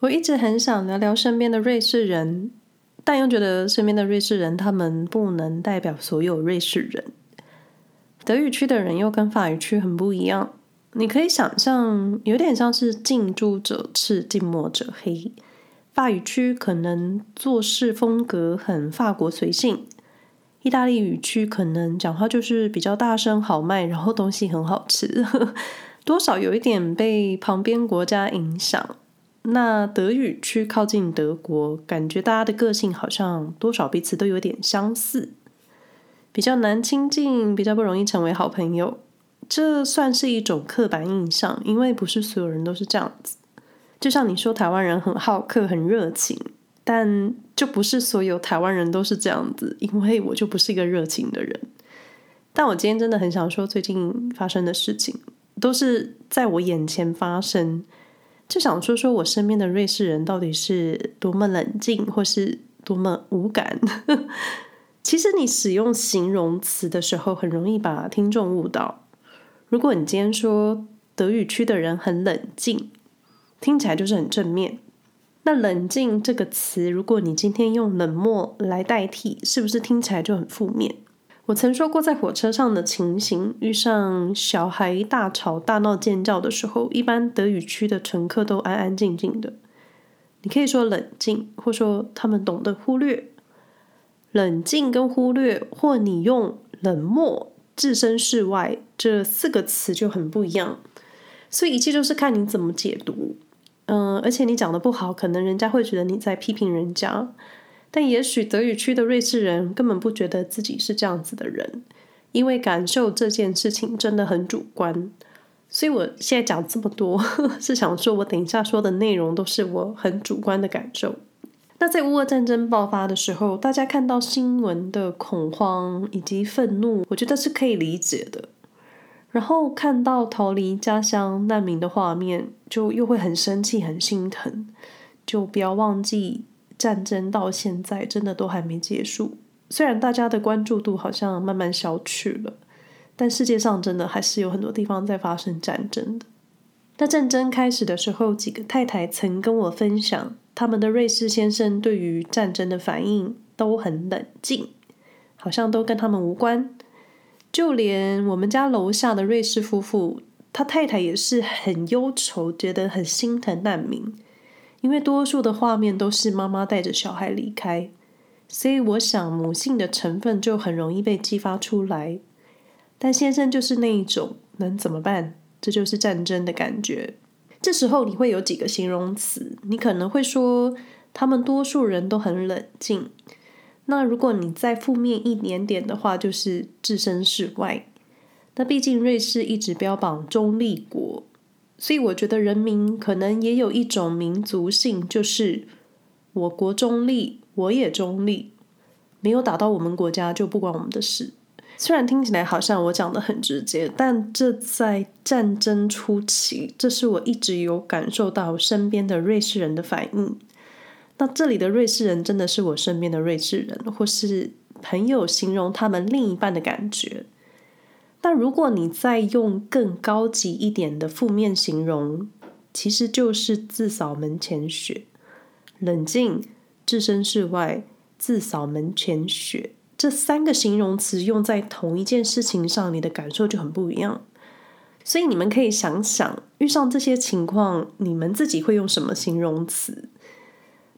我一直很想聊聊身邊的瑞士人，但又覺得身邊的瑞士人他們不能代表所有瑞士人。德語區的人又跟法語區很不一樣，你可以想象，有點像是近朱者赤，近墨者黑。法語區可能做事風格很法國隨性，意大利語區可能講話就是比較大聲豪邁，然後東西很好吃，呵呵多少有一點被旁邊國家影響。那德語區靠近德國，感覺大家的個性好像多少彼此都有點相似，比較難親近，比較不容易成為好朋友。這算是一種刻板印象，因為不是所有人都是這樣子。就像你說台灣人很好客、很熱情，但就不是所有台灣人都是這樣子，因為我就不是一個熱情的人。但我今天真的很想說，最近發生的事情都是在我眼前發生。就想說說我身邊的瑞士人到底是多麼冷靜，或是多麼無感。 其實你使用形容詞的時候，很容易把聽眾誤導。如果你今天說德語區的人很冷靜，聽起來就是很正面。那“冷靜”這個詞，如果你今天用“冷漠”來代替，是不是聽起來就很負面？我曾說過，在火車上的情形，遇上小孩大吵大鬧、尖叫的時候，一般德語區的乘客都安安靜靜的。你可以說冷靜，或說他們懂得忽略。冷靜跟忽略，或你用冷漠置身事外，這四個詞就很不一樣。所以一切就是看你怎麼解讀。嗯、呃，而且你講得不好，可能人家會覺得你在批評人家。但也許德語區的瑞士人根本不覺得自己是這樣子的人，因為感受這件事情真的很主觀。所以我現在講這麼多，是想說我等一下說的內容都是我很主觀的感受。那在烏俄戰爭爆發的時候，大家看到新聞的恐慌以及憤怒，我覺得是可以理解的。然後看到逃離家鄉難民的畫面，就又會很生氣、很心疼，就不要忘記。戰爭到現在真的都還沒結束，雖然大家的關注度好像慢慢消去了，但世界上真的還是有很多地方在發生戰爭的。那戰爭開始的時候，幾個太太曾跟我分享，他們的瑞士先生對於戰爭的反應都很冷靜，好像都跟他們無關。就連我們家樓下的瑞士夫婦，他太太也是很憂愁，覺得很心疼難民。因為多數的畫面都是媽媽帶着小孩離開，所以我想母性的成分就很容易被激發出來。但先生就是那一種，能怎麼辦？這就是戰爭的感覺。這時候你會有幾個形容詞？你可能會說他們多數人都很冷靜。那如果你再負面一點點的話，就是置身事外。那畢竟瑞士一直標榜中立國。所以我覺得人民可能也有一種民族性，就是我國中立，我也中立，沒有打到我們國家就不關我們的事。雖然聽起來好像我講得很直接，但這在戰爭初期，這是我一直有感受到身邊的瑞士人的反應。那這裡的瑞士人真的是我身邊的瑞士人，或是朋友形容他們另一半的感覺。但如果你再用更高級一點的負面形容，其實就是自掃門前雪。冷靜、置身事外、自掃門前雪，這三個形容詞用在同一件事情上，你的感受就很不一樣。所以你們可以想想，遇上這些情況，你們自己會用什麼形容詞？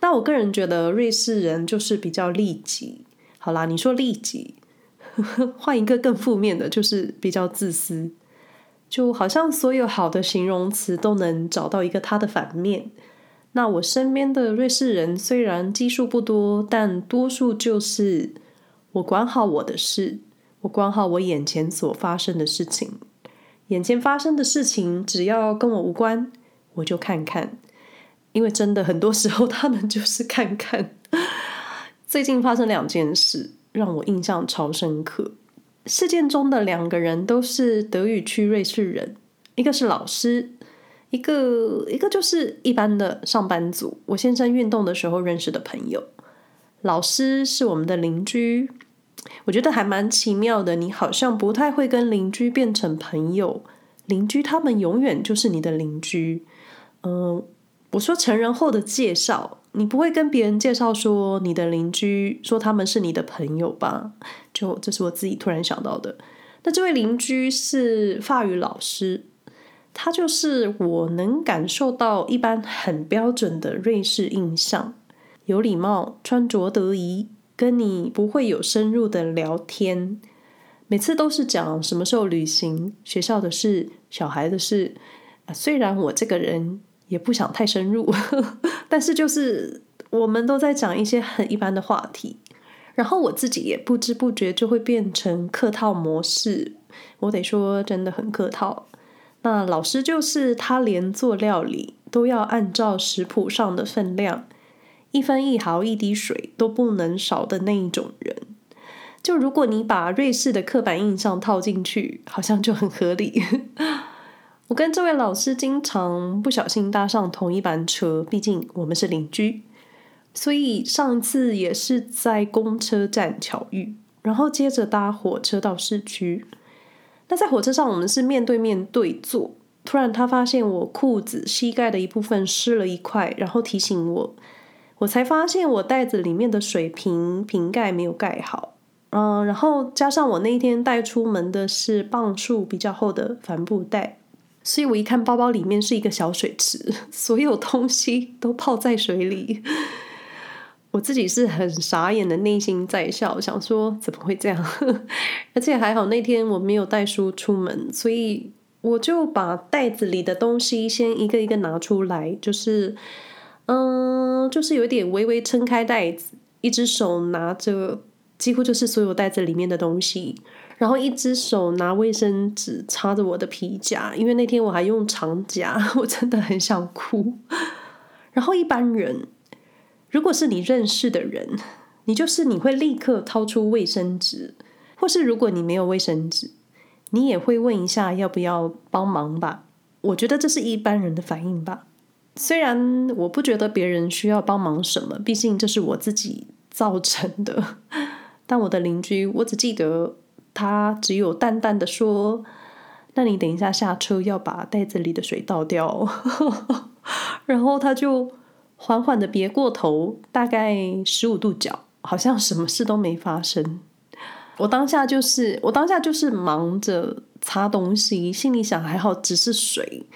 那我個人覺得瑞士人就是比較利己。好啦，你說利己。換一個更負面的，就是比較自私。就好像所有好的形容詞都能找到一個它的反面。那我身邊的瑞士人雖然基數不多，但多數就是我管好我的事，我管好我眼前所發生的事情。眼前發生的事情只要跟我無關，我就看看。因為真的很多時候他們就是看看。最近發生兩件事。讓我印象超深刻。事件中的兩個人都是德語區瑞士人，一個是老師，一個一個就是一般的上班族。我先生運動的時候認識的朋友，老師是我們的鄰居。我覺得還蠻奇妙的，你好像不太會跟鄰居變成朋友。鄰居他們永遠就是你的鄰居，嗯。我說成人後的介紹，你不會跟別人介紹說你的鄰居說他們是你的朋友吧？就這是我自己突然想到的。那這位鄰居是法語老師，他就是我能感受到一般很標準的瑞士印象，有禮貌，穿着得宜，跟你不會有深入的聊天，每次都是講什麼時候旅行、學校的事、小孩的事。啊，雖然我這個人。也不想太深入，但是就是我們都在講一些很一般的話題，然後我自己也不知不覺就會變成客套模式。我得說，真的很客套。那老師就是他，連做料理都要按照食譜上的分量，一分一毫一滴水都不能少的那一種人。就如果你把瑞士的刻板印象套進去，好像就很合理。我跟這位老師經常不小心搭上同一班車，畢竟我們是鄰居，所以上次也是在公車站巧遇，然後接着搭火車到市區。那在火車上，我們是面對面對坐。突然，他發現我褲子膝蓋的一部分濕了一塊，然後提醒我，我才發現我袋子裡面的水瓶瓶蓋沒有蓋好。嗯、呃，然後加上我那一天帶出門的是磅數比較厚的帆布袋。所以我一看包包裡面是一個小水池，所有東西都泡在水裡。我自己是很傻眼的，內心在笑，想說怎麼會這樣？而且還好那天我沒有帶書出門，所以我就把袋子裡的東西先一個一個拿出來，就是嗯，就是有點微微撐開袋子，一只手拿着，幾乎就是所有袋子裡面的東西。然後一只手拿衛生紙擦着我的皮夾，因為那天我還用長夾，我真的很想哭。然後一般人，如果是你認識的人，你就是你會立刻掏出衛生紙，或是如果你沒有衛生紙，你也會問一下要不要幫忙吧。我覺得這是一般人的反應吧。雖然我不覺得別人需要幫忙什麼，畢竟這是我自己造成的。但我的鄰居，我只記得。他只有淡淡的說：“那你等一下下車要把袋子裡的水倒掉。 ”然後他就緩緩的別過頭，大概十五度角，好像什麼事都沒發生。我當下就是，我當下就是忙着擦東西，心裡想還好只是水，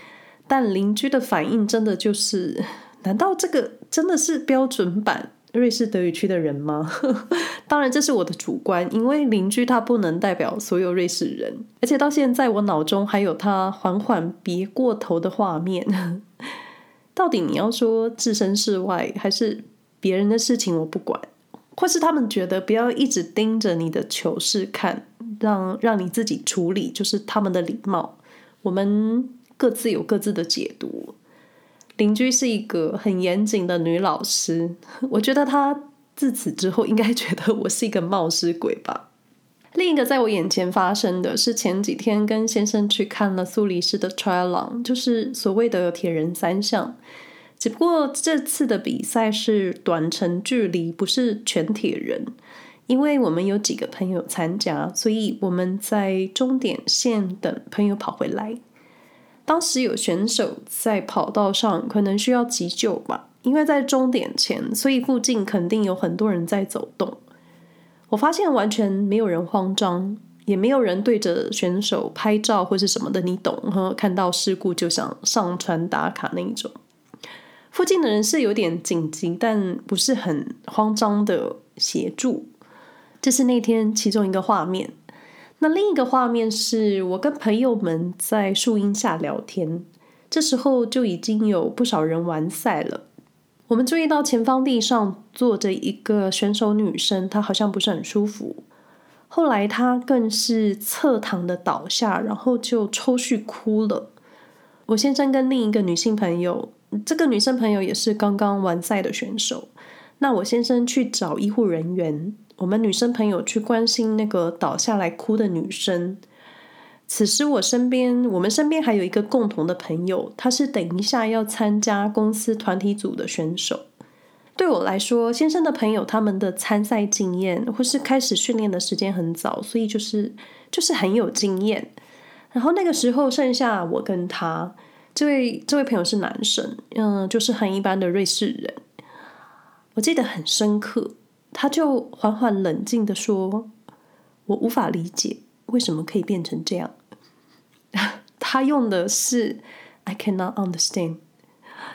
但鄰居的反應真的就是，難道這個真的是標準版？瑞士德語區的人嗎？ 當然，這是我的主觀，因為鄰居他不能代表所有瑞士人。而且到現在，我腦中還有他緩緩別過頭的畫面。 到底你要說置身事外，還是別人的事情我不管？或是他們覺得不要一直盯着你的糗事看，讓讓你自己處理，就是他們的禮貌。我們各自有各自的解讀。鄰居是一個很嚴謹的女老師，我覺得她自此之後應該覺得我是一個冒失鬼吧。另一個在我眼前發生的是前幾天跟先生去看了蘇黎世的 triathlon，就是所謂的鐵人三項，只不過這次的比賽是短程距離，不是全鐵人。因為我們有幾個朋友參加，所以我們在終點線等朋友跑回來。當時有選手在跑道上，可能需要急救吧，因為在終點前，所以附近肯定有很多人在走動。我發現完全沒有人慌張，也沒有人對着選手拍照或是什麼的，你懂哈。看到事故就想上傳打卡那一種。附近的人是有點緊急，但不是很慌張的協助。這是那天其中一個畫面。那另一個畫面是我跟朋友們在樹蔭下聊天，這時候就已經有不少人完賽了。我們注意到前方地上坐着一個選手女生，她好像不是很舒服。後來她更是側躺的倒下，然後就抽搐哭了。我先生跟另一個女性朋友，這個女生朋友也是剛剛完賽的選手。那我先生去找醫護人員。我們女生朋友去關心那個倒下來哭的女生。此時我身邊，我們身邊還有一個共同的朋友，他是等一下要參加公司團體組的選手。對我來說，先生的朋友他們的參賽經驗或是開始訓練的時間很早，所以就是就是很有經驗。然後那個時候剩下我跟他，這位這位朋友是男生，嗯、呃，就是很一般的瑞士人，我記得很深刻。他就緩緩冷靜地說：“我無法理解為什麼可以變成這樣。 ”他用的是 “I cannot understand”，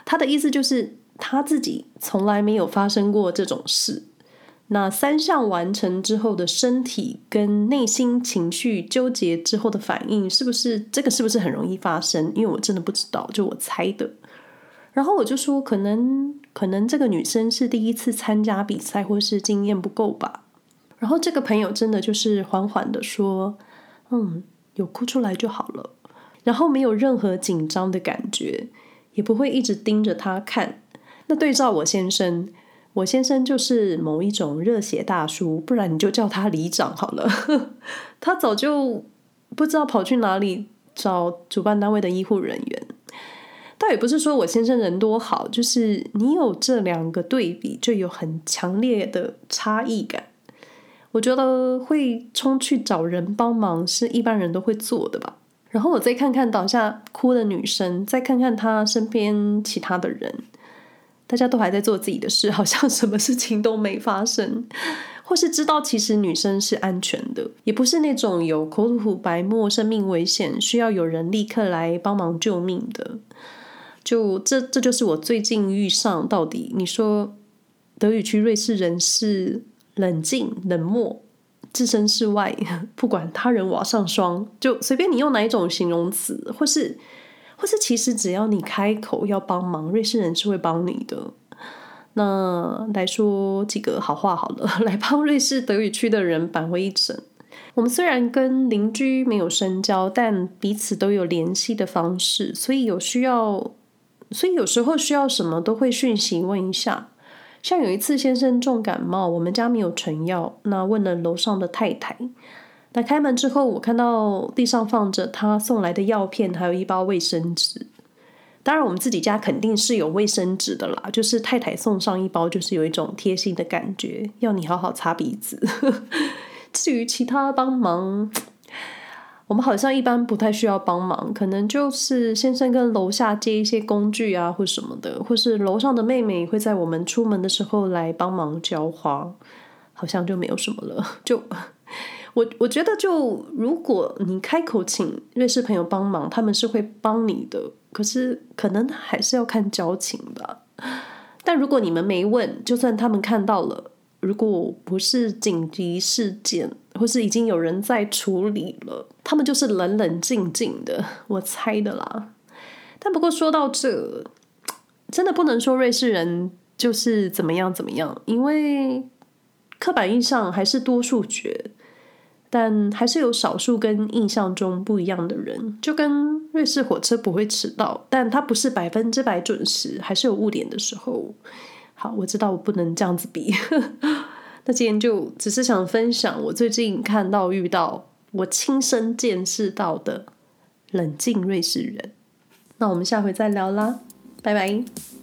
他的意思就是他自己從來沒有發生過這種事。那三項完成之後的身體跟內心情緒糾結之後的反應，是不是這個？是不是很容易發生？因為我真的不知道，就我猜的。然後我就說，可能。可能這個女生是第一次參加比賽，或是經驗不夠吧。然後這個朋友真的就是緩緩的說：“嗯，有哭出來就好了。”然後沒有任何緊張的感覺，也不會一直盯着她看。那對照我先生，我先生就是某一種熱血大叔，不然你就叫他里長好了。呵，他早就不知道跑去哪裡找主辦單位的醫護人員。倒也不是說我先生人多好，就是你有這兩個對比，就有很強烈的差異感。我覺得會衝去找人幫忙，是一般人都會做的吧。然後我再看看倒下哭的女生，再看看她身邊其他的人，大家都還在做自己的事，好像什麼事情都沒發生，或是知道其實女生是安全的，也不是那種有口吐白沫、生命危險，需要有人立刻來幫忙救命的。就這，這就是我最近遇上的。到底你說德語區瑞士人是冷靜、冷漠、置身事外，不管他人瓦上霜，就隨便你用哪一種形容詞，或是或是其實只要你開口要幫忙，瑞士人是會幫你的。那來說幾個好話好了，來幫瑞士德語區的人扳回一城。我們雖然跟鄰居沒有深交，但彼此都有聯繫的方式，所以有需要。所以有時候需要什麼都會訊息問一下，像有一次先生重感冒，我們家沒有成藥，那問了樓上的太太，那開門之後我看到地上放着他送來的藥片，還有一包衛生紙。當然我們自己家肯定是有衛生紙的啦，就是太太送上一包，就是有一種貼心的感覺，要你好好擦鼻子。呵呵，至於其他幫忙。我們好像一般不太需要幫忙，可能就是先生跟樓下借一些工具啊，或什麼的，或是樓上的妹妹會在我們出門的時候來幫忙澆花，好像就沒有什麼了。就我我覺得就，就如果你開口請瑞士朋友幫忙，他們是會幫你的，可是可能還是要看交情吧。但如果你們沒問，就算他們看到了。如果不是緊急事件，或是已經有人在處理了，他們就是冷冷靜靜的，我猜的啦。但不過說到這，真的不能說瑞士人就是怎麼樣怎麼樣，因為刻板印象還是多數覺，但還是有少數跟印象中不一樣的人。就跟瑞士火車不會遲到，但它不是百分之百準時，還是有誤點的時候。好，我知道我不能這樣子比，呵呵。那今天就只是想分享我最近看到、遇到、我親身見識到的冷靜瑞士人。那我們下回再聊啦，拜拜。